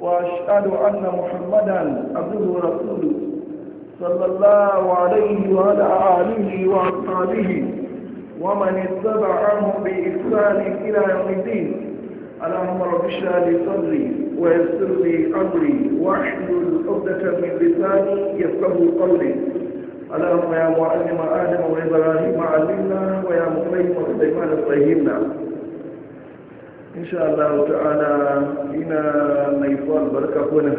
وأشهد أن محمدا عبده ورسوله صلى الله عليه وعلى آله وأصحابه ومن اتبعهم بإحسان إلى يوم الدين اللهم رب اشرح لي صدري ويسر لي أمري واحلل عقدة من لساني يفقه قولي اللهم يا معلم آدم وإبراهيم علمنا ويا مقيم وسليمان فهمنا insha Allah ta'ala ina mai fa barka kuna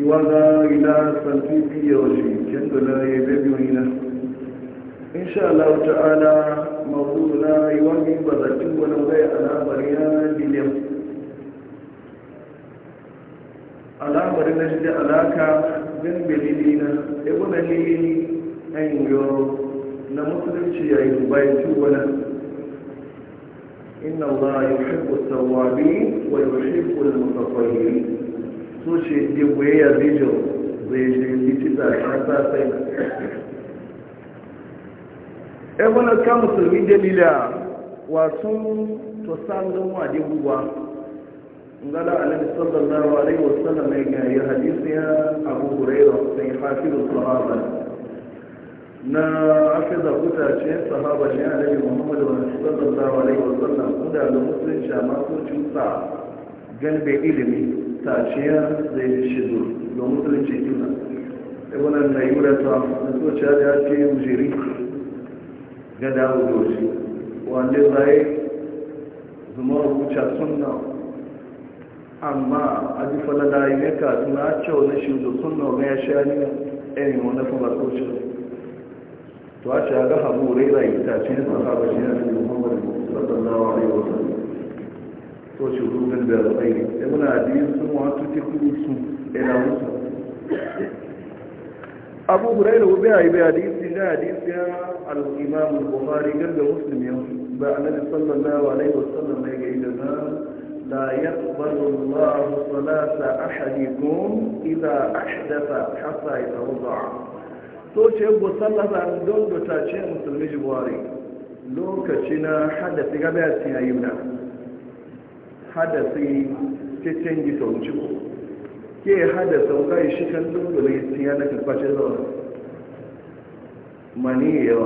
iwaga ila santi biyo shi kendo na yebe biyo ina insha Allah ta'ala mawduna iwagi bazatin wani wai alamar ya dilem alamar na shi da alaka bin bililina ibn lili ayin yo na musulunci yayin bayan tuwana إن الله يحب التوابين ويحب المتطهرين سوشي يبوي يزيجو زيجي يتبع حتى سينا ebola ka musulmi dalila wasun to sandon wadi buwa ngala annabi sallallahu alaihi wasallam ya hadisi ya abu hurairah sai hafizu sahaba na aka zaɓi ce sahaba ne a daga muhammadu wani sallallahu alaihi wasallam kuda da musulun shama ko cuta gan da ilimi tace ya zai shigo ga musulun ce tuna ibn na yura ta na ce da ce mujiri ga dawo doshi wanda zai zuma rubuta sunna amma a jifa na layi ne ka tuna cewa shi shigo sunna mai ya sha ne eh, ɗaya wani fa ba socha to a ce ga abu raira ita ce sahaba shi ne muhammad sallallahu alaihi wa sallam to shi rubin da tsayi da muna hadisi sun wato ta kudu su ina musu abu huraira wa bai bai hadisi da hadisi ya al-imam al-bukhari ganda muslim ya ba annabi sallallahu alaihi wa sallam ne ga idan la yaqbalu Allah salata ahadikum idha ahdatha hatta توشي أبو صلى عن دون دوتاشي مسلمي جبواري لو كشنا حدثي قبيرتي أيمنا حدثي تتنجي تونجبو كي حدث وقاي شكن دون دوني استيانا كتباشي دون مني يو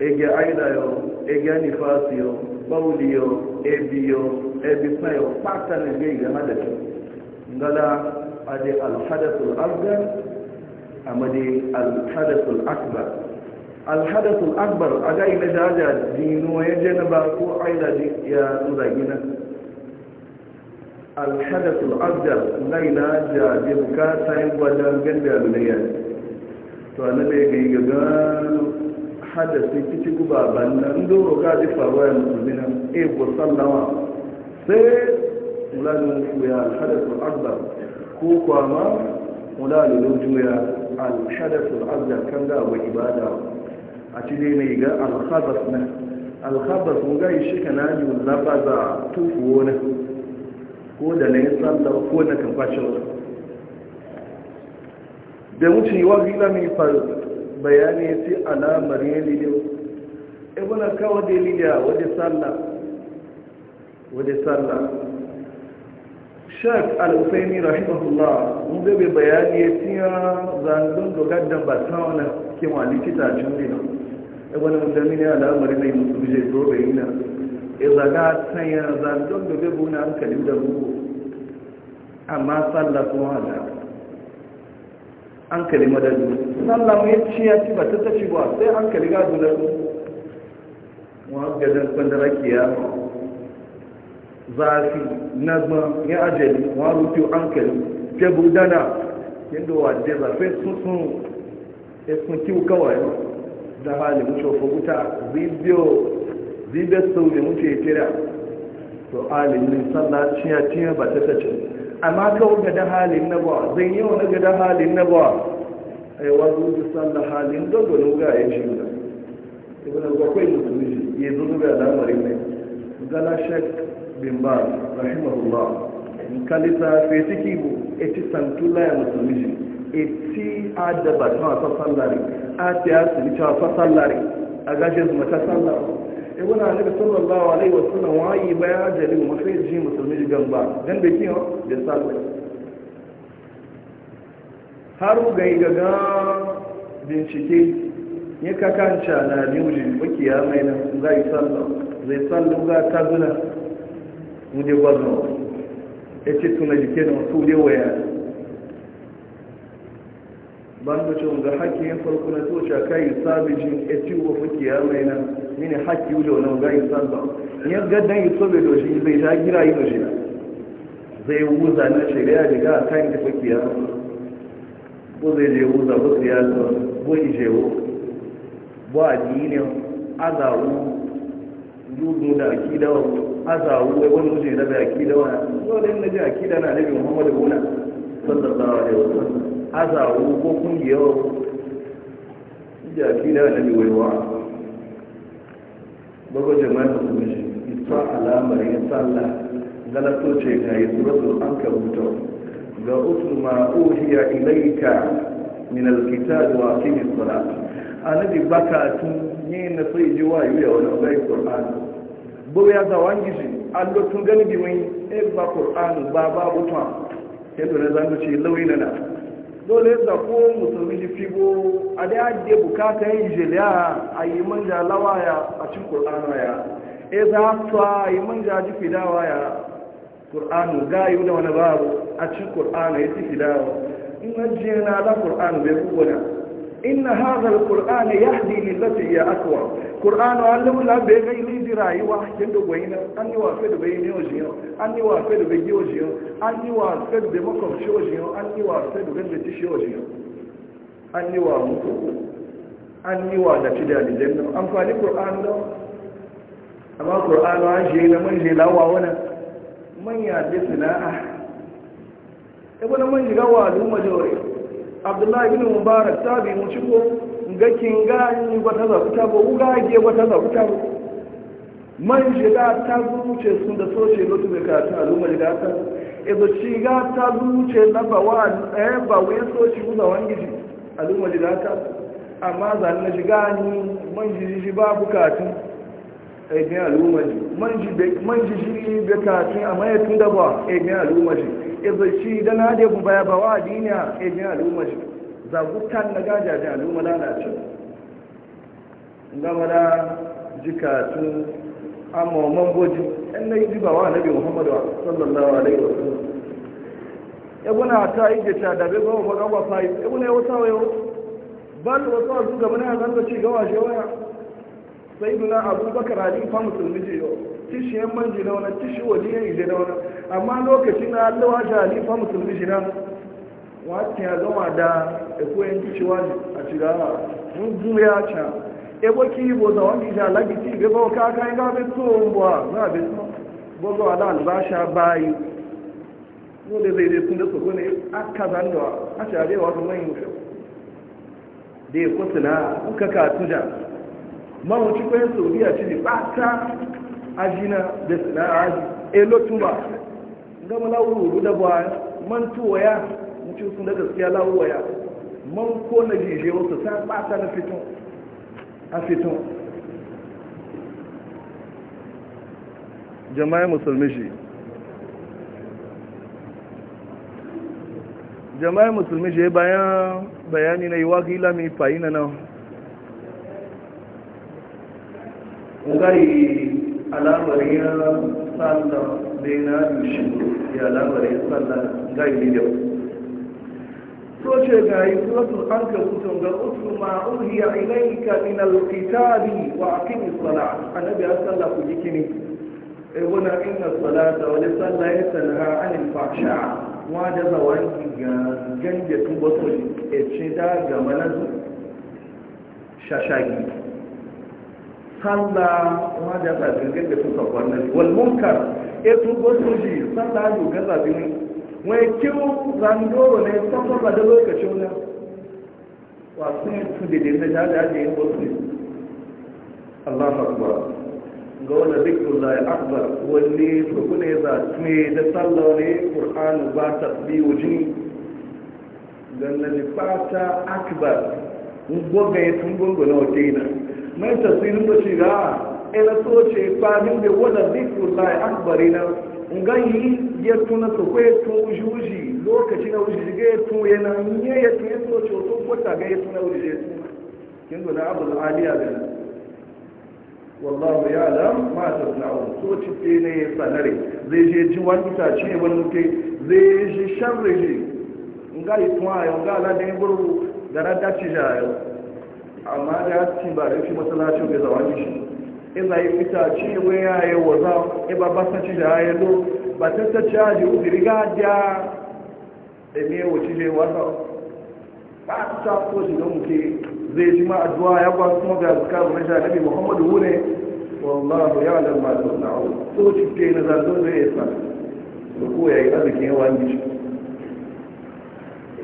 إيجي عيدا يو إيجي نفاس يو بولي يو إيبي يو إيبي سنا يو فاكتا نجيجي مدتي نغلا أدي الحدث الأفضل a madi alhadasul akbar alhadasul akbar a ga ina jaja dino ya ba ko aida ya tsura gina alhadasul akbar na ina jaje bukata yin wajen ganda duniya to ana ne ga gaga hadasi kici guba bannan doro ga ji faruwa ya musulmina e ko sallawa sai mulanin ya alhadasul akbar ko kwama wula da juya alhadasul azza kan ga abu ibada a ci dai mai ga alhabas na alhabas mun gai shi kana yi labaza tufuwo na ko da na yi sallar ko na kamfashin da wuce yi wa gila mai bayani ya ce alamar ya liliyo ibina kawo da liliya wajen sallah wajen sallah shek al-usaini rahimahullah mun bai bayani ya tiya zangon dogar da ba ta wani kewa likita can na e wani mutane ne al'amari mai yi musu bije zobe yi na e zaga sanya zangon da bai buna hankali da bugu amma sallah kuma da hankali madadu sallah mai ci ya ci ba ta ci ba sai hankali ga da mu wa gadan kwandara kiyama zafi nazma ya ajali wa rufi hankali tebul dana yadda wa je zafi sun sun kiwu kawai da hali mutu wa faguta zibe sau da mutu ya kira to halin ne sallah ciya ciya ba ta tace amma kawai ga da halin na ba zai yi wani ga da halin na ba a yi wazo da sallah halin dogon ga ya yi da ibn al-bakwai musulmi ya zo da al'amarin ne gala shek bin baz rahimahullah in kalisa fe tiki bu eti santula ya musulmi eti adaba ta wasa sallari a ti a su ta wasa sallari a gashin su mata sallar e wani alibi sallallahu alaihi wasallam wayi baya jari wa mafi ji musulmi gamba dan da kiyo da sallari har gai gaga bincike ya kakanca na niwuji makiya mai nan zai sallar zai sallar ga ta ndị ya ce tuna jike da masu ne waya banda cewa ga haƙƙi yin farko na tocha kayi sabi jin eti wa fuki ya mai nan mini haƙƙi wuce wani ga yin sabba ya gaddan yi sobe doshi zai ja gira yi doshi zai wuza na shirya da ga kayan da fuki ya ko zai je wuza ko siyasa ko ijewo ba a a zaru dudu da akida wa asa wai wani mutum da bai akida wa dole na ji akida na nabi muhammad buna sallallahu alaihi asa azawu ko kungiya wa ji akida na nabi waiwa babu jama'a da su mishi ita alamar yin sallah galato ce ga yi suratul an kabuta ga utu ma uhiya ilaika min alkitab wa aqimis salat annabi baka tun ni na so iji wa yi yawon ọgbẹ́ ìkùrán bó ya za wọn gizi allotun gani bi wani ẹgbà kùrán ba ba butuwa yadda na zango ce lauyi na na dole za ko musulmi ji fibo a da ya bukata ya yi jiliya a yi manja lawaya a cikin kur'anu ya e za su a yi manja ji fidawa ya kur'anu ga yi da wani babu a cikin kur'anu ya ci fidawa in ajiye na ala kur'anu bai kubo إن هذا القرآن يهدي للتي هي أقوى قرآن علم لا بغي لي دراي واحد بينا أني وافد بيني وجيو أني وافد بيني وجيو أني وافد بمكم شوجيو أني وافد بين تشوجيو أني وامكو أني وادا تدالي جنة أمفاني قرآن لا أما قرآن عجي لمن جلا وانا من يعدسنا أحد ابن من جلا وادو مجوري abdullahi ibn mubarak tabi mu ciko ga kinga ni wata zakuta ba uga ge wata zakuta ba man shiga ta zuce sun da soce lotu da ka ta aluma da ta ezo shiga ta zuce na ba wa eh ba wai soce uza wangiji aluma da ta amma zan na shiga ni man jiji shi ba bukatu eh, ai ne aluma ji man ji man ji shi bukatu amma ya tunda ba eh, ai ne aluma ji iza da na da baya ba wa duniya a jin al'umma shi zagutan na gaja na al'umma lalace gama da jikatu amma wa mamboji 'yan na yi ji ba wa nabi muhammadu sallallahu alaihi wasallam ebuna ta yi jita da bai gawa ba gawa fayi ebuna ya wata wayo bal wasu wasu gaba na zanga ci gawa waya sai duna abubakar halifa musulmi ce yau tishi yan na wani tishi wali yan ije na wani amma lokacin na allawa shi halifa musulmi shi na wata ya da ekoyen a shiga mun juya can ebo ki bo da wani ja lagi ti be ba ka ka ga be to na be to bo ala albasha bayi no ne aka a ta re wa mai ka ka ma mu ci saudiya ci ba ajina da sana'aji elotuba eh, gama lauru da ba man tuwaya mutu sun da gaskiya lauruwaya man ko na jije wasu ta bata na fito a fito. jama'a musulmi shi jama'a musulmi shi bayan bayani na yi gila mai fahina nan ungari alamar ya sallar zai na yushi ya alamar ya sallar gai da soce ga yi suratul an ka kusan ga usu ma uhiya ilaika min alqitali wa aqimi a annabi ya salla ku jikini eh wana inna salata wa salla ya tanha anil fahsha wa da zawanki ga ganje tun boso e ce da ga manazu shashagi sallah wa da gangan da suka wannan munkar e eh, tun gosu ji sallah yau gaza biyu wai kiwu zandoro ne ba da lokaci nan wa ne su da da da aji yin wasu Allah akbar ga wanda zikrun akbar wani su kune za tuye da sallah ne qur'an ba ta biyu jini dan na fata akbar gogaye tun gungunan wata yi nan mai tasirin da shiga ina eh, so ce famin da wadda zikru lai akbari na ngayi ya tuna su kwe tun ujuji lokaci na ujuji ga ya tun yana nye ya tun ya so ce wasu kwata ga ya tuna ya tun kin zo na abu a da wallahu ya alam ma ta sana'u so ci ce ne ya sanare zai je ji wani itace wani muke zai je shan reje ngayi tun ayo ga aladin buru da na dace jayo amma da ya ci ba da shi masalacin da zawon shi in za yi fitaci ci wai ya yi waza in ba basanci da ya zo ba ta sace ya ji uzi riga da eme wace je wasa ba ta ko shi don muke zai ji ma addu'a ya ba kuma ga zaka ba na nabi muhammadu hune wallahu ya lam ma da na'u so ci ke na zan zai ya sa ko yayi azuki wani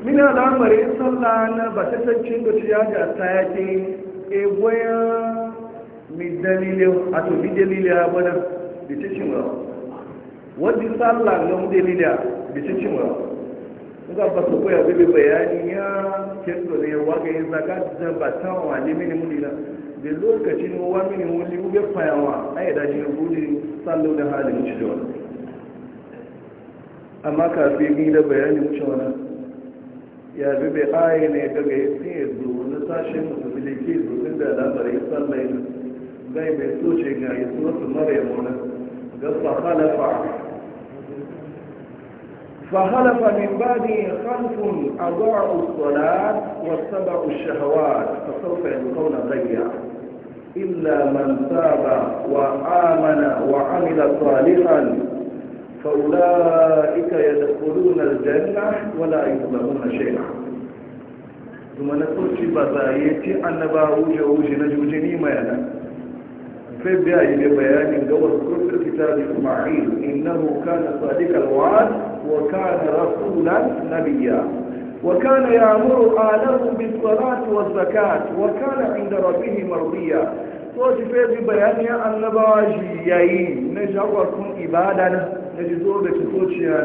mina lamarin sallah na ba ta tancin da ya ga ta yake e goya mi dalilin a to bi dalilin ya bana da ta cin wa wadda sallah na mu dalilin da ta cin wa ga ba su koya bebe bayani ya kendo ne waga ya zaka da ba ta wa ne mini mulina da lokacin wa mini muli ube fayawa ai da shi gudi sallo da halin shi da amma kafin gida bayani wuce wannan يا ببي هاي نيتو هيتي دون تاشين مسلكي دون دالا بريسا لين داي بيتو شيغا يسو سمري مونا غفا خلفا فخلف من بعدي خلف أضاعوا الصلاة واتبعوا الشهوات فسوف يلقون غيا إلا من تاب وآمن وعمل صالحا فأولئك يدخلون الجنة ولا يظلمون شيئا ثم نقول بزايتي أن باوجة وجه نجوجني ما في بيان بيان دور كل كتاب إسماعيل إنه كان صادق الوعد وكان رسولا نبيا وكان يأمر آله بالصلاة والزكاة وكان عند ربه مرضيا وفي في بيان أن باوجة يعين نجوكم إبادنا na ji zo da kitociya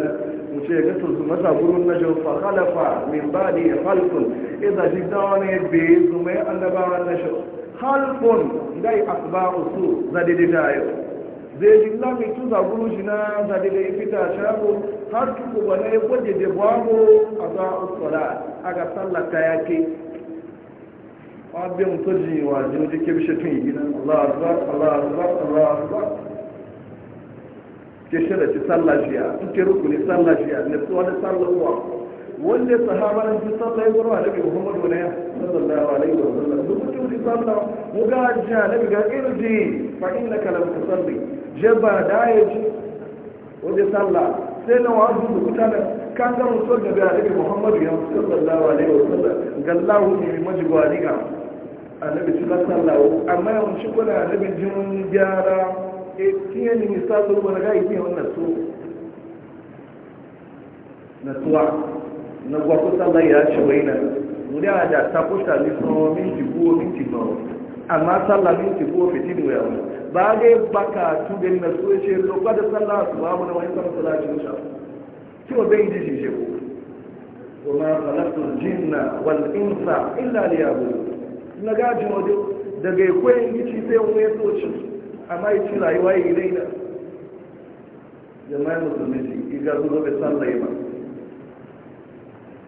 mu ce ga to zuma ta gurin na jau fakhalafa min ba'di khalqun idza jidawa ne be zuma annabawa na shau khalqun dai akbaru su zadidi dayo zai ji lami tu za guru jina zadidi fita shago har tuku bana ya kwaje da babu a za a tsara aga sallar kayake abin mutum jiwa jiwa jikin shi tun yi gina Allah Allah Allah ke da ci sallah shi in ke rukuni sallah shiya ne su wani sallah uwa wanda sahaba ne su sallah yawar wa nabi muhammadu ne sallallahu alaihi wa sallam duk mutum ci sallah mu ga ja nabi ga irji fa inna ka lam tusalli jaba daya ji wanda sallah sai na wa zuwa kuta da kan ga mutum da ga nabi muhammadu ya sallallahu alaihi wa sallam gallahu ne majigwari ga annabi ci sallah amma yawanci kuna nabi jin gyara e tiye ni misalin wani ga ike wannan su na tuwa na gwakwa sallar ya ce wai na wuri a da ta kusa ni sun minti buwo minti ba amma sallar minti buwo fitin wuya wani ba ga yi baka tubin na su ce lokwa da sallar su ba mu na wani sama sallar cin sha kiwa bai ji shi sheku kuma khalaqtul jinna wal insa illa liya'budun na gajin wajen daga ikon yi ci sai wani ya so amma yi ci rayuwa yi dai da jama'a musulmi shi iga zuwa bai san rai ba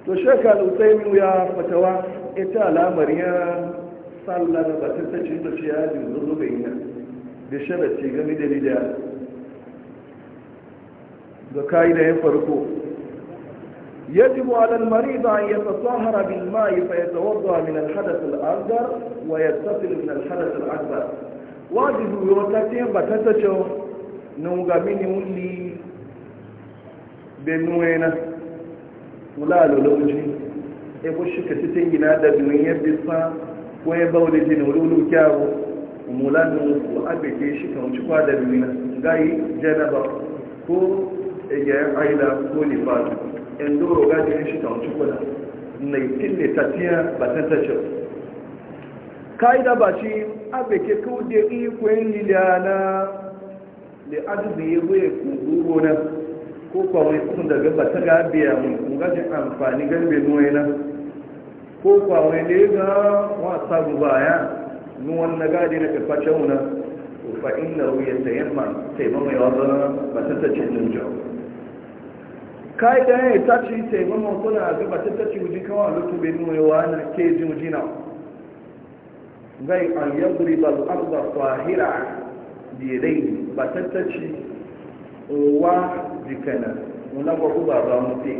to shekar usaimu ya fatawa ita alamar ya salla na batun ta cin da shi ya ji zuwa bai yi da sharaci gami da lidya ga kayi da ya farko يجب على المريض أن يتطهر بالماء فيتوضأ من الحدث الأصغر ويتصل من الحدث الأكبر wajibu yo ta te ba ta ta na no ga mini wuli be nuena mula lo lo ji e bo shi ka titin gina da duniya bisa ko e ba wuli jin wuli wuli kyawo mula no ko abe ke shi kan adabi kwa da duniya gai janaba ko e ga aida ko ni ba enduro ga jin shi kan ci kwa na itin ne tatiya ba ta kaida ba a abeke kude ikwen liliana le adubi yewe kunguro na ko kwa wani kun daga bata gabiya mu amfani garbe nuwena ko kwawai da ya ga wasa gubaya nuwan na gadi e na kaface wuna fa inna hu yatayamma taimama ya wazana ba ta tace ya ga ta kawai na ke zai an yadri bal'arda tsahira birai ba tattaci wa jikana wani wasu ba ba mutu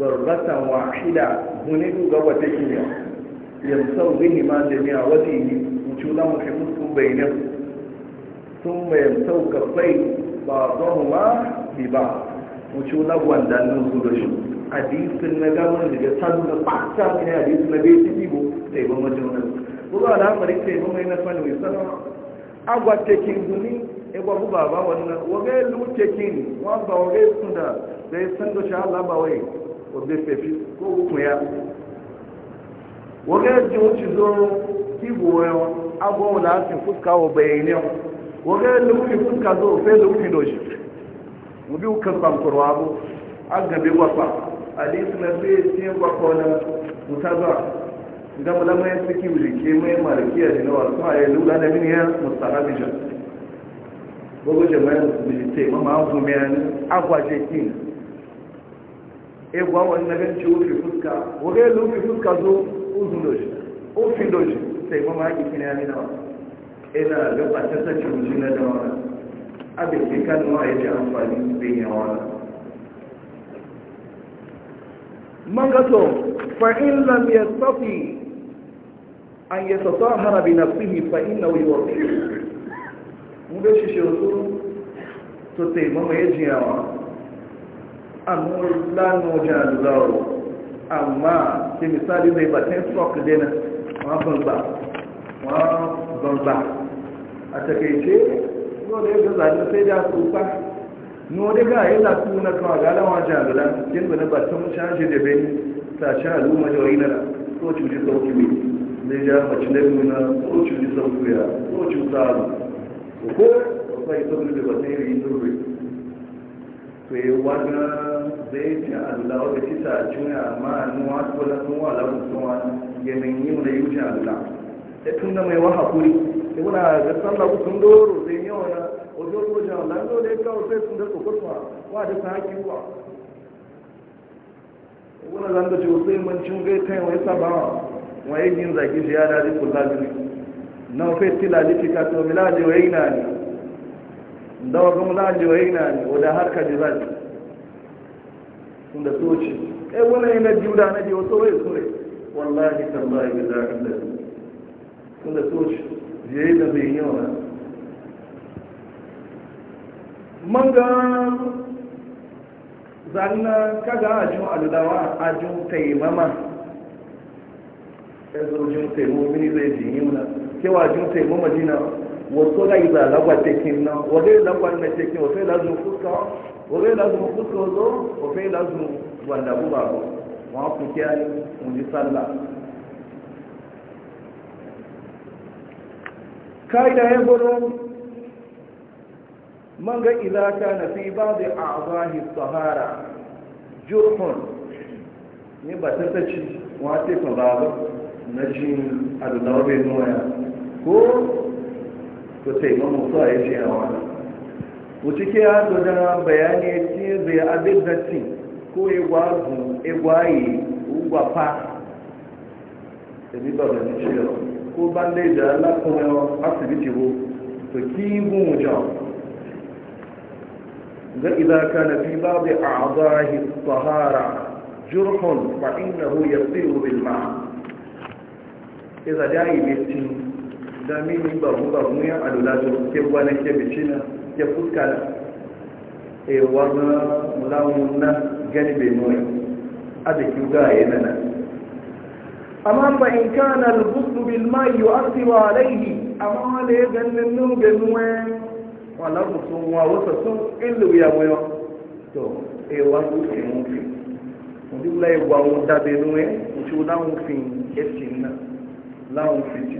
barbatan wahida hune ga wata kiyar yamsau bihi ma jami'a wata yi mucuna muhimmanku bayanan sun mai yamsau kafai ba mu ma bi ba na mucuna gwandannin zuwa shi hadisin na gamar daga sanu na fata ne hadisin na bai ciki sai goma jona buga al'amari sai goma yana fani mai sana agwa tekin guni egwa buba ba wannan waga lu tekin wa ba waga sun da da ya san da sha Allah ba wai ko be fefi ko hukun ya waga ji wuce zo kibo ya o wala sin fuska wa bayane waga lu ki fuska zo fe lu ki doji mu bi ukan bankurwa bu agabe gwakwa hadisi na sai sai gwakwa na mutaza gamla mai suke wujike mai malikiya da nawa su haye lula da mini ya mustahabi jan gogo jama'a wujike mama an gume ya ni agwaje kin e gwa wani na ganci ofi fuska wuri ya lufi fuska zo uzun doshi ofi doji? sai mama haki kina ya ni nawa ina e, gaba ta sace wuji na dawa abin ke kan ma ya ji amfani da yawa man gato fa'in lam yastafi an yi sassa hana bi na fihi fa'in na wiwar mu bai shi shirku to taimama ya jiyawa amma lanu wajen zawo amma sai misali zai batin stock dina wa banza wa banza a takaice dole ya gaza sai da tsufa no da ga yi lafi na kawo galawa jagala kin bane batun shashi da bai ta sha al'umma da wani na so cuci sauki ne ne ya faci na biyu na tsorocin ji sabu ya tsorocin tsari ko ba yi sabu da ba sai yi zurbe to yi wani zai ce allah wata ci ta cuna amma nuwa ko na sun lagun sun ya min yi mana yi wuce allah ya tun da mai waha kuri ya kuna ga sallah ku sun doro zai yi wani wajen wajen allah zo da ya kawo sai sun da tsokorwa wa da sa haƙi kuwa ya kuna ce wasu yi mancin gai kai wani sabawa wa yi yin zagi shi ya daji kula biyu na wafe tila liki ka to mila ji wa yi na ne da wa gama laji wa yi na ne wadda har ka ji zaji sun da soci e wani yi biyu da na ji wasu wai sure wallahi tallahi bi za a sun da soci je yi da bai yi wa man ga zanna kaga ajin alulawa ajin taimama yanzu jin taimu mini zai jin yuna kewa jin taimu madina wasu ga iza lagwa na na fuska fuska wa ku mun sallah kaida ya gudu man ga ilaka na fi ba da azahi sahara jurhun ni ba ta ci wa ce ba ba na jin adadawa bai noya ko ko sai ma mutu a yace hawa wuce ke ya dodana bayani ya ce zai abin da ci ko ya gwazu ya gwaye ugwafa da bi ba da ciwo ko ban dai da Allah ko asibiti ko to ki gun wujan فإذا كان في بعض أعضائه الطهارة جرح فإنه يطير بالماء iza da yi bitin da mini babu babu ya alula to ke gwana ke bicina ke fuska da e eh, wani mulawun na gani bai noya a da ki ga ya nana amma fa in kana al-ghusl bil ma'i yu'athiru alayhi amma le ganin nu bai noya wala mutum wa wasa sun illu ya moyo to e wasu ke mun fi mun dubla e gwa mun da bai noya mun ci da mun fi esin na lahun fiti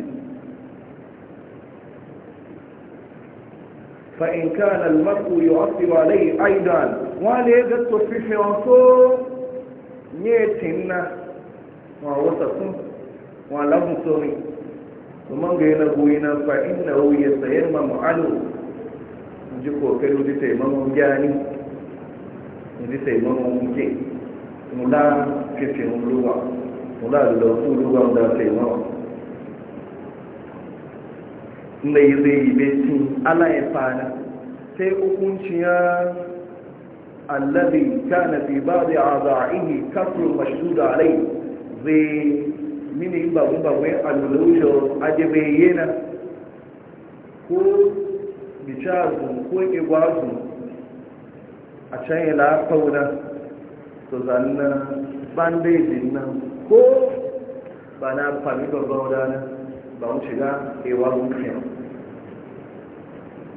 fa'in kanan maku yi wasu walai aidan wani ya ga tsofifi wasu ne tinna wa wata sun wa lahun sori kuma ga yana goyi na fa'in na ya sayar ma mu'alu ji kokari wuji taimakon gyani wuji taimakon wuke mula fifin ruwa mula da dauku ruwan da taimakon na yi zai betin ala ya fada sai hukunciyar allabi ta na fi ba da a azarihi kafin mashu da alai zai mini babun babun alulujo ajebe yana ko bichazun ko igwazun a can yi lafauna to zannan bandejin nan ko ba na fami babban wadana ba wuce ga ewa wukiyan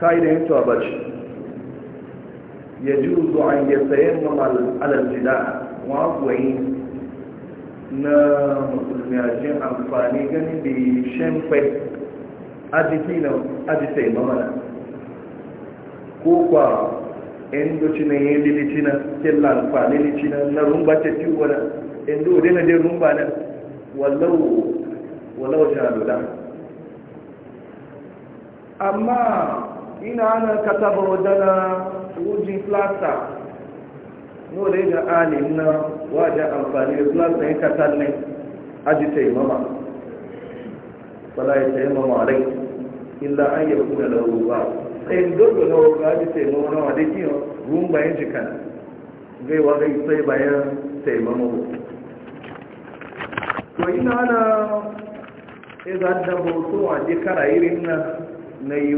ka'idan yin tuwa bace ya ji uzu an yi sayen wa wakwai na musulmi a jin amfani gani da shemfai ajitai mamana ko kwa yan docina yin lilicina kella amfani lilicina na rumba ce ciwo na yan dole na jin rumba na wallau wallau shahararra amma ina ana kataba wadana wujin plasta no da yin ani na wajen amfani da plasta ya katar ne aji taimama fala ya taimama rai illa an yi kuna da ruwa tsayin dogo na wuka aji taimama na wadda kiyon ruwan bayan jikan wa zai sai bayan taimama to ina ana izadda eh, hoto a jikara irin na na yi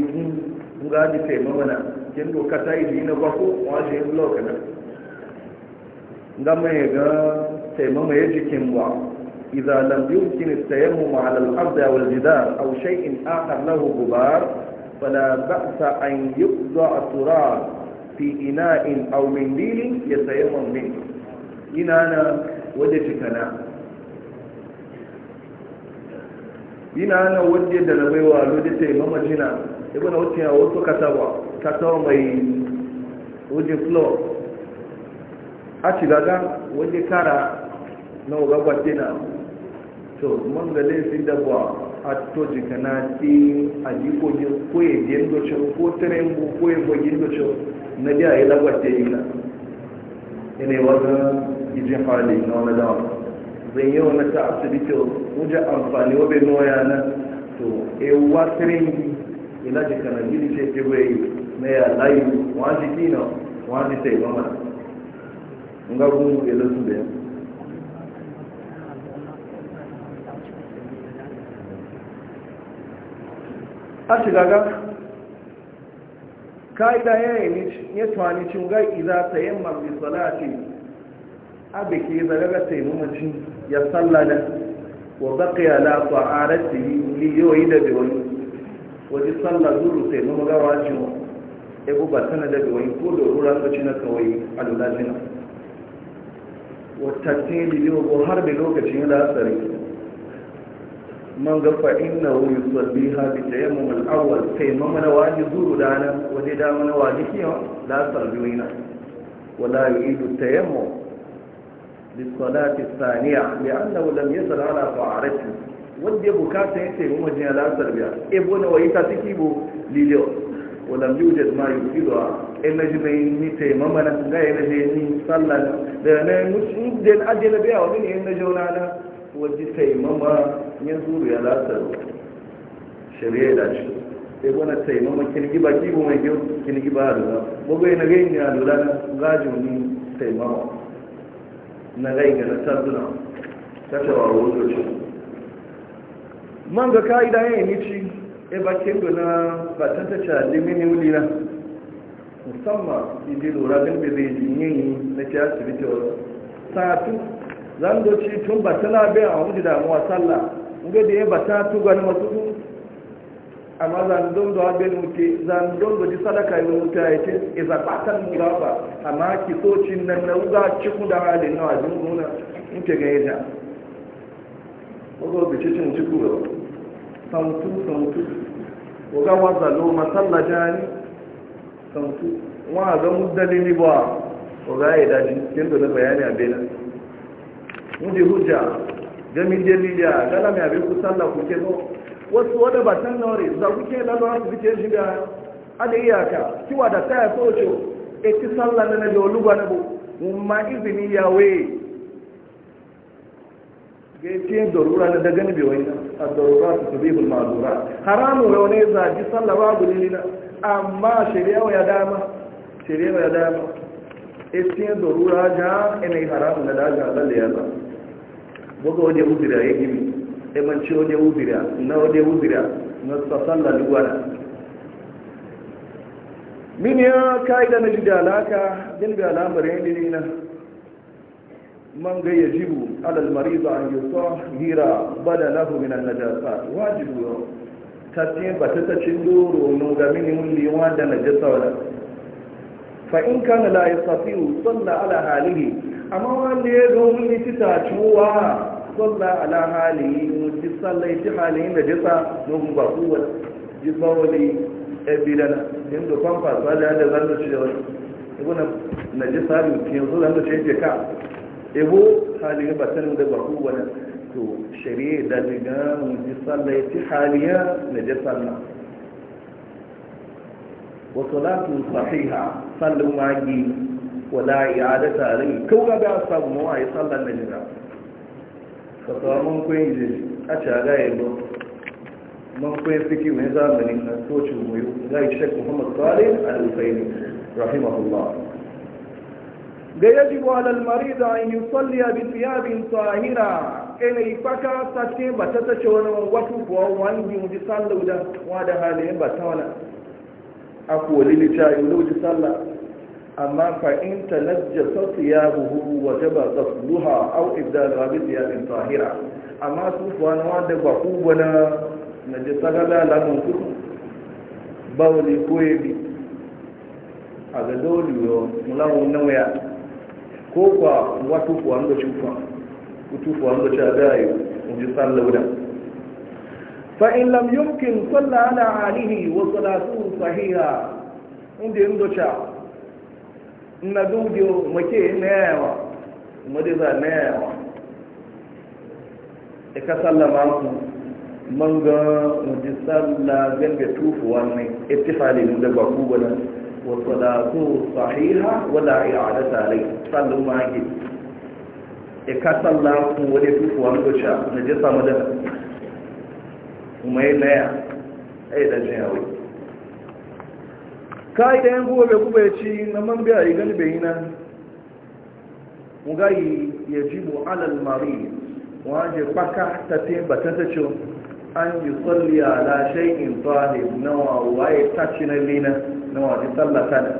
nga di te mamana kin do kata yi na ba ko wa je block na nga mai ga ma mama ji jikin wa idza lam yumkin at-tayammum 'ala al-ard aw al-jidar aw shay'in akhar lahu gubar fala ba'sa an yuqda turab fi ina'in aw mindilin yatayammam min ina na waje tikana ina na waje da na baiwa lodi te jina daga na wuce wasu katawa katawa mai wajen floor a cigaga wajen kara na wagagwa dina to man ga laifin dabuwa a toji kana ti a jikogin koye gendocin ko tirin bu koye bogin docin na da ya lagwata yi na ina wazan ijin hali na wani dawa zai yau na ta asibiti wajen amfani wabe noya na to ewa tirin ila jika na gidi ce ke bai na ya layi wani kina wani sai mama nga gun ila su a shiga ga ka'ida ya yi ya tuwani cin ga iza ta yin mafi salati da ke zagaga taimamacin ya sallada wa zaƙi ala ta'arar da yi yi da bai wadi sallah zuru sai mun ga wajin e go batana da wani ko da ruran da cina kawai alulajina wata tin yo go har da lokacin da asari man ga fa inna innahu yusalliha bi tayammum al-awwal sai mamana waji zuru nan wadi da mana wajin kiyo da sarbiwina wala yidu tayammum للصلاة الثانية لأنه لم يزل على طهارته wanda ya bukata ya ce mu jiya lasar biya e na wa ita tiki bo lilo walam yujad ma yujidu energy mai ni te mama na ga energy ni sallan da na yi mutum da ajela biya wani ne na jona na ta yi mama ya zuru ya lasar shari'a da shi e ta yi mama kin ba kibu mai giyo kin ba da bugo na gani ya lura na gajo ni yi mama na gai ga na tattuna ta tawawo zuciya man ga ka'ida ya yi nici e bakin guna ba ta ta cali mini wulina musamman iji lura din da zai ji yin na ke asibiti wa sa'atu zan doci tun ba ta labe a wani damuwa sallah ga da ya ba ta amma zan don sadaka yi wuta ya ce iza fatan mura ba amma kisocin nan na wuga ciku da na wajen in ke ko ga bicicin ciku sautu sautu ga waza lo masalla jani sautu wa ga dalili ba ga ida daji kin da bayani a bena mudi hujja gami dalili ga la mi abi ku sallah ku ke zo wasu wada ba san nore za ku ke lalwa su ke shi iya ka iyaka wa da taya sojo e ti sallah na na joluba na mu ma izini ya we ga ce darura na daga nabi wani a darura su su bihul mazura haramun yau ne zaji sallah babu lilina amma shari'a ya dama shari'a ya dama etiyan darura ja ina yi haramun na daga lalle ya zama buga wajen ubira ya gini emanci wajen ubira na wajen ubira na sassan laluwara min ya ka'ida na jidalaka din ga lamarin lilina man ga ya jibu alal mariza an yi so hira bada lahu min annajasa wajibu yau ta ce ba ta ta cin doro no ga minimin liwa da najasa wala fa in kana la yastati'u salla ala halihi amma wanda ya ga wani tita ciwa salla ala halihi mun ji salla ya ji halihin najasa no ba kuwa ji bawali ebidana din do kwamfa sala da zan da shi da wani ibn najasa ne ke zo zan da shi ke ka ebo hali ba san da ba ku wani to shari'a da daga muji sallah ya ci haliya na je sallah wa salatu sahiha sallin wagi wala i'adata alai ko ga ba sabu mawa ya sallan najira ka to mun ko yi a caga ya ba mun ko fiki mai zamani na soci mu yi ga shek Muhammad Salih al-Usaini rahimahullah da yaji wa almarida a yi tsalliya bi tsiyabin tsahira yi faka sake ba ta tace wani wasu kuwa wani yi mu ji sallah da wa da hali ba ta wani a koli ni ta yi lauji sallah amma fa in ta najja ya buhu wata ba ta suluha au ibdala bi bin tsahira amma su kuwa na wanda ba ku gwana na ji sagala lamun kuku ba wani koyi a ga dole yau mulawun nawaya ko kwa watu kuanza chufa kutu kuanza cha dai mjisalla wuda fa in lam yumkin salla ala alihi wa salatuhu sahiha inda ndo cha na dudio mwake newa madiza newa e Ika sallama ku manga mujisalla gange tufu wanne ittifali mun da ba ku wasalatu sahiha wala i'adata alai sallu maki e ka sallahu wani fuku wani gocha na je samu da umai naya ai da jawi kai da yan gobe kuma ya ci na man biya yi gani bai na mugayi ya jibo alal mari je baka ta te batata ce an yi tsalli ala shay'in tahir nawa waye tachi na lina na waje sallata da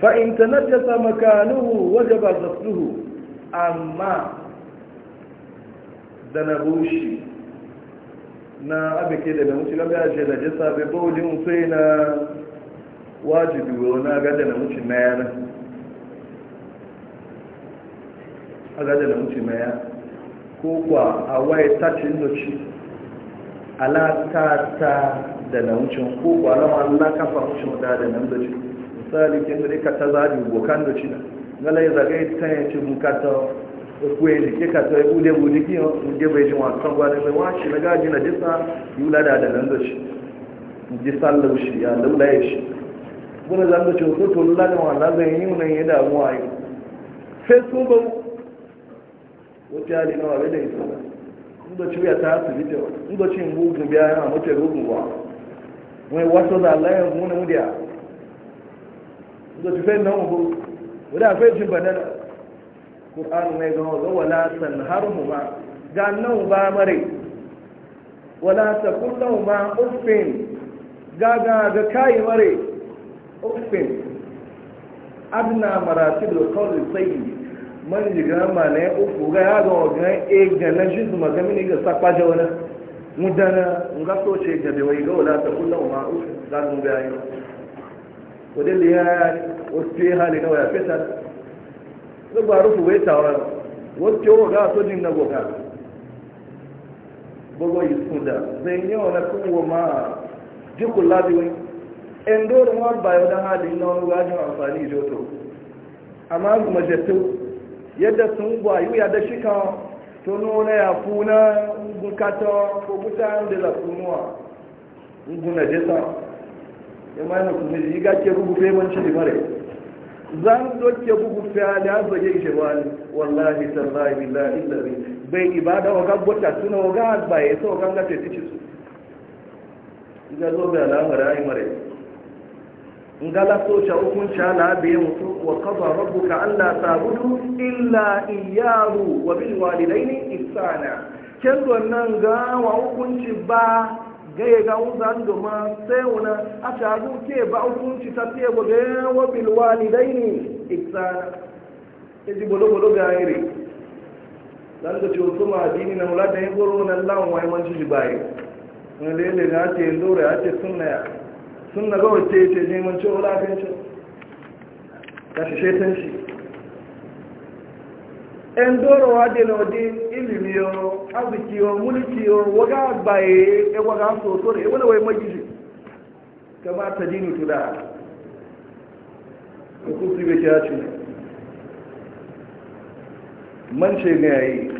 fa'in ta najasa makanuhu waje ba zafluhu amma da na bushi na abike da namuci lamar yaje da jasa bai baulin sai na wajibi na gada namuci na yana a gada namuci na yana ko kwa a waye tacin doci alatata da na wucin ko kwalama Allah kafa wucin wata da nan da ci misali kin da ka ta zabi bokan da ci na lai ya zagaye ta ya ci bukata ko ya jike ka ta ya bude bude ki je bai jin wasan gwanin mai washi na gaji na jisa yula da da nan da ci jisan laushi ya laula ya shi wani zan da ci ko to lula da wannan zan yi nan ya damuwa yau sai su ba wata yari na wa da isa inda ci ya ta asibiti inda ci gugun biya yana mutu gugun ba wọ́n yẹ wato da Allah ya ní múdí à nítorí fẹ́ náà wọ́n bó wọ́n dà fẹ́ jùn bàdánà kùránù náà gan ọ̀gá wà lásán ma ga náà bá mare wala ta kún ma uffin ga ga ga kayi mare uffin adna maratib da kawai sayi man jiga ma na ya uku ga ya ga ọ̀gá e ga na shi zuma ga mini ga sakpa jawana mudana nga so ce gabe wai ga wala ta kullum ma uku za mu ga O wadin da ya wasu ya hali na waya fesa Su ba rufu wai tawa wasu wa ga so jin na goka bogo yi su da zai yi wani kuma ma jikun labi wai en dorin wa bayo da hali na wani gajin amfani joto amma kuma jettu yadda sun bu ya da shi kan tunu na ya funa bukata ko buta da la funuwa nguna jesa ya mai na kuma ji ga ke rubu fe man shi mare zan doke bugu fe ala zage shi wani wallahi tallahi billahi illahi bai ibada wa gabbata suna wa gabba ya so ganga te tici su ga zo da al'amari ai mare ngala soca hukunci ala biye mutu wa kafa rabbuka Allah ta gudu illa iyahu wa bil walidaini ihsana ken wannan ga wa hukunci ba gaya ga uzan duma sai wuna a tagu ke ba hukunci ta ce ba ga wa bil walidaini ihsana e ji bolo bolo ga ire dan da ciwo kuma addini na mulata yin goro na lan wai man shi bayi ne lele na ce ndore a ce sunna ya sun na gawar ce ce neman cin wulakancin ta shi shetan shi ‘yan dorowa da na waje ilimi yau arziki yau mulki yau waga baye ya e waga soso e da ya wani wai magiji kama ta dini tuda da kusa bai kya ci man ce ya yi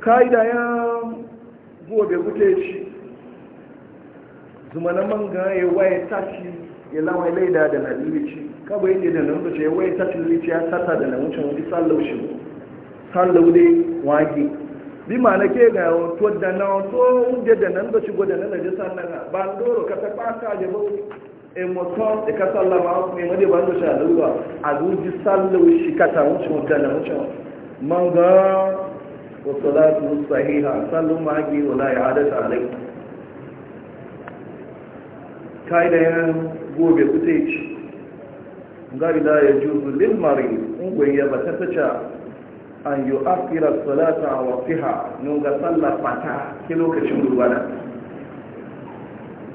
ka'ida ya gobe kuke ci zuma na manga ya waye tashi ya lawa laida da na lulici kaba yake da nan bace ya waye tashi lulici ya sata da na wucin wani sallau shi sallau dai wage bi ma na ke ga to da na to wuje da nan bace go na nan da sannan ba ndoro ka ta kwata da ba e moto da e ka sallama ne ma ba bando sha lawa a guji sallau shi ka ta wucin da na wucin manga wa salatu sahiha sallu magi wala ya ta alaikum kaida ya gobe kuta yi ci gari da ya juzu lil mari ya bata tace an yi afira salata wa ha nuga sallah fata ke lokacin gurwana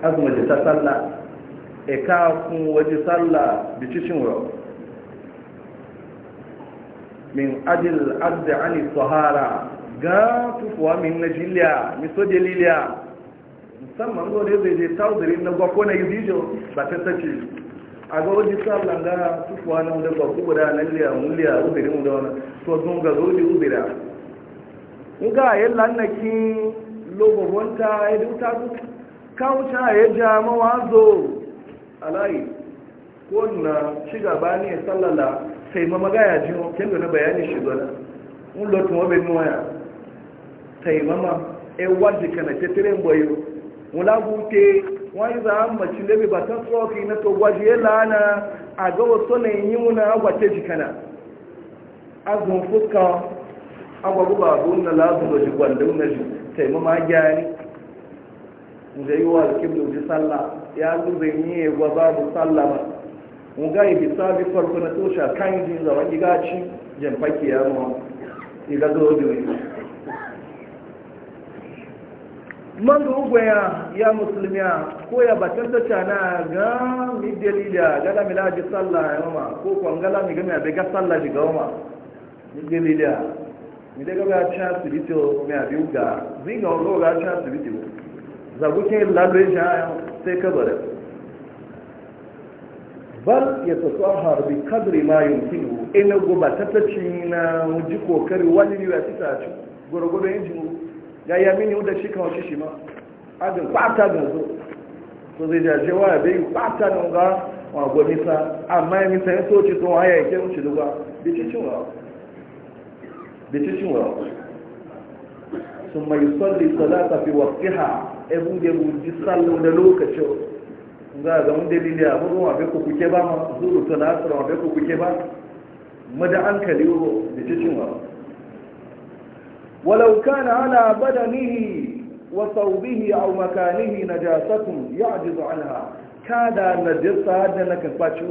azumaji ta sallah e ka kun waje sallah da cikin rau min ajil adda ani sahara ga tufuwa min najiliya miso daliliya musamman ne zai je tauzirin na gwakko na izijo ba ta tace a ga wajen sallan ga tufuwa na wajen ba ku guda na liya muliya uzirin da wani to sun ga zoji uzira in ga yi lannaki lobobonta ya ta su kawuta ya ja mawazo alayi ko na shiga gaba ne sallala sai ma magaya jin kendo na bayani shi gona un lotun wabe sai mama e wajen kana tetirin boyo wula mulagute wani za a mace lebe ba ta tsofi na togwaji ya lana a ga wasu na yi wuna agwace jikana azun fuska agwagu ba abu na lazu da shi gwanda na shi taimama gyari da yi wa alkim da wuce salla ya zuba yi ya gwa babu salla ba mu ga yi bisa bi farko na tosha kan yi zawon igaci jamfaki ya mu iga zo da man rugwaya ya musulmiya ko ya batar da cana ga midalila gala mila ji sallah ya ma ko kwan gala mi gami abe ga sallah ji ga ma da mi daga ga cha sibito mi abi uga zinga ngo ga cha sibito zagu ke lalwe ja sai kabare bal ya tasahar bi kadri ma yumkinu ina go batar da cina mu ji kokari wani ya ci ta ci gurgurdan jinu ya yi mini wadda shi kawo shi shi ma adin kwata ga zo to zai jaje waya bai kwata na ga wa nisa amma ya nisa ya soci tun haya ya kyan shi duba bicicin wa sun mai salli salata fi waƙiha ebu da ji sallo da lokacin nga ga mun dalili a bugun wa bai kuke ba ma zuru tunatar wa bai kuke ba mu da an kaliwo bicicin wa Walaukana ana على بدنه وثوبه أو مكانه نجاسة يعجز عنها kada na jirsa hada na kafaci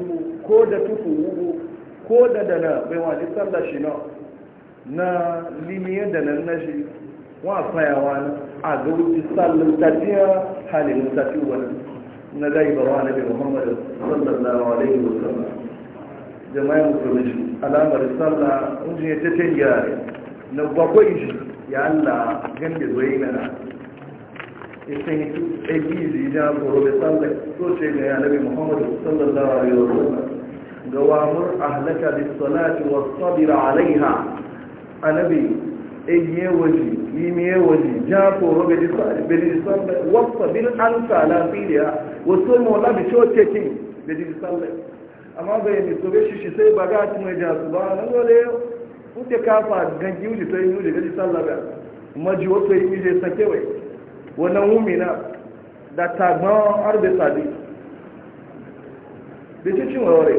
da tufu wuru ko da da na bai wani sallar shi na na limiyar da na shi wa fayawa na a ga sallar tafiya halin tafi wani na gai ba wani bai muhammad sallallahu alaihi wasallam jama'a musulmi alamar sallah in ji ta gyara na bakwai shi ya Allah gande zoye na na isa yi tu ɗaiki zai ja goro da tsallai so ce ga ya nabi muhammadu sallallahu alaihi wa sallam ga wamur ahlaka da salati wa sabira alaiha a nabi ɗaiye waje limiye waje ja goro da tsallai wasa bin an sala filiya wasu mola bi cokekin da tsallai amma bai misobe shi shi sai baga tun ya ja su ba nan gole kuɗe kafa gangi wuce ta yi wuce gaji sallah ga maji wato yi ije sake wai wannan na. da har arbe sadi da ci cin wawarai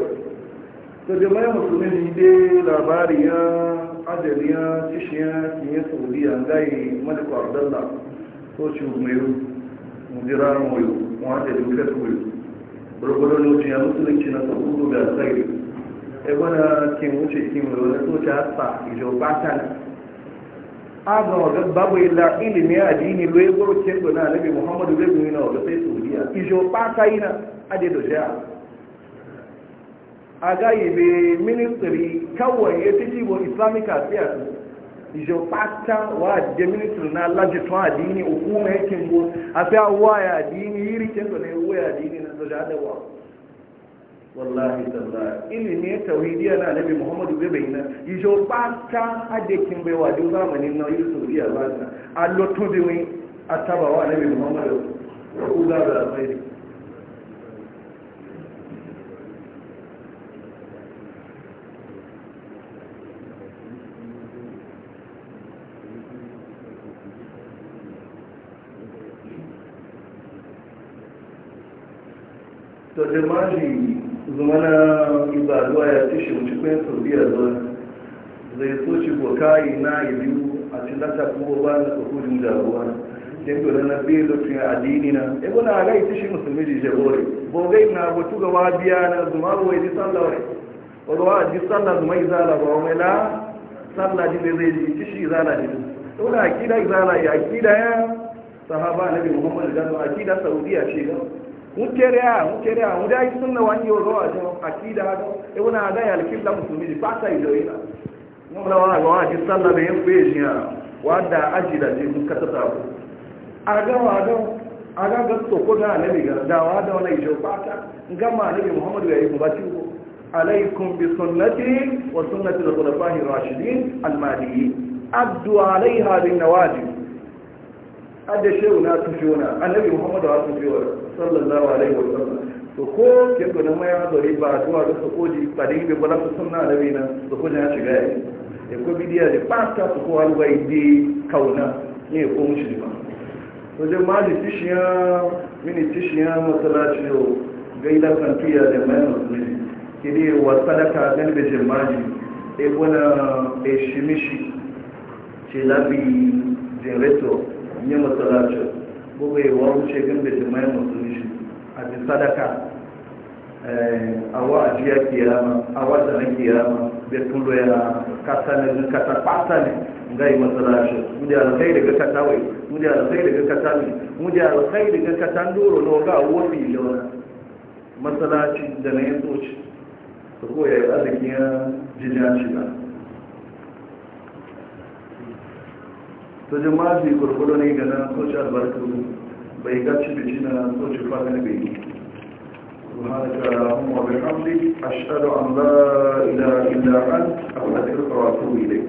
to da bayan musulmi ne da labari ya ajali ya ya kinye saudiya gaye maliku abdalla ko ci umaru mujira moyo wanda da wuce su wuyo burburin wuce ya musulunci na sabudu da tsairi ebona kin wuce kin lura so ta hasa ijo batan aga babu illa ilimi addini lo yego ke na nabi muhammadu be gumi na wa sai saudiya ijo bata ina ade do ja aga ibe ministry kawai ya tiji bo islamic affairs ijo bata wa de ministry na yake wallahi sallah ilimin tauhidi yana nabi muhammadu bai bai nan yijo pata adekin bai wajen zamanin na yusuf iya zata a lotto bi wani a tabawa nabi muhammadu da uga da mai to da majini zumana ibaduwa ya ci shi wuce kwen saudiya zuwa zai so ci ko kayi na ibiyu a ci lata kuma ba na tsohon jaruwa don dole na biyu da tun addini na ebo na ga ita shi musulmi ji jagore bogai na hotu gaba biya na zuma wai ji sallah wai wadda wa ji sallah zuma izala ba wai la sallah ji zai ji ci shi izala ji na akida izala ya akida ya sahaba nabi muhammad da akida saudiya ce gaba wutere a wutere a wuda yi sunna wani yau zuwa jin akida haka ewu na ga ya alkin da musulmi ji fata yi zoyi na nuna ga wani sallah da yin kuye shi a wadda aji da ji muka ta sabu a ga wadon a ga ga ko da alabi ga dawa da wani ijo fata gama alabi muhammadu ya yi mubaci ko alaikum bi sunnati wa sunnati da khulafahi rashidin al-mahdiyyin addu alaiha bin nawajib adda shehu na tujona annabi muhammadu a tujewar sallallahu alaihi wa sallam to ko ke na mai hazari ba zuwa da k'o koji ba da ibe bala su sunna annabi na su ko ya shiga ya ya e ko bidiya da fata su ko halwa idi kauna ne ko mushi ba to je ma di tishiya mini tishiya masalaci yo gaida kan tuya da ne. Ke kidi wa sadaka galbe jimaji e bona e shimishi ce labi generator ya matsalacin bugewa wuce gan da jimai musulmi shi a ji sadaka eh, a wa ajiya kiyama a wa da na kiyama bai tulo yana kasa ne kasa kwasa ne gai masalashi muje alkhairi daga katawai muje alkhairi daga katami muje alkhairi daga katan doro no ga wofi da masalaci da na yin tsoci ko ya yi arzikin jijaci ba to jin ma fi gurgudu ne ga nan soci albarku bai gaci da shi na soci fadin bai سبحانك اللهم وبحمدك أشهد أن لا إله إلا أنت أستغفرك وأتوب إليك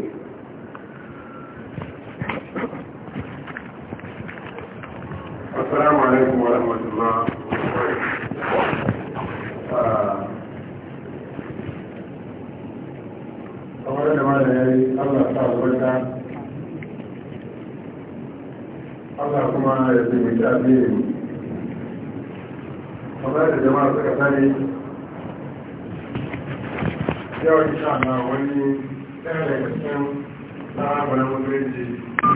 السلام عليكم ورحمة الله وبركاته. أولا ما لا الله تعالى Allah kuma ya taimaki addini kamar da jama'a suka wani ɗaya daga cikin sahaba na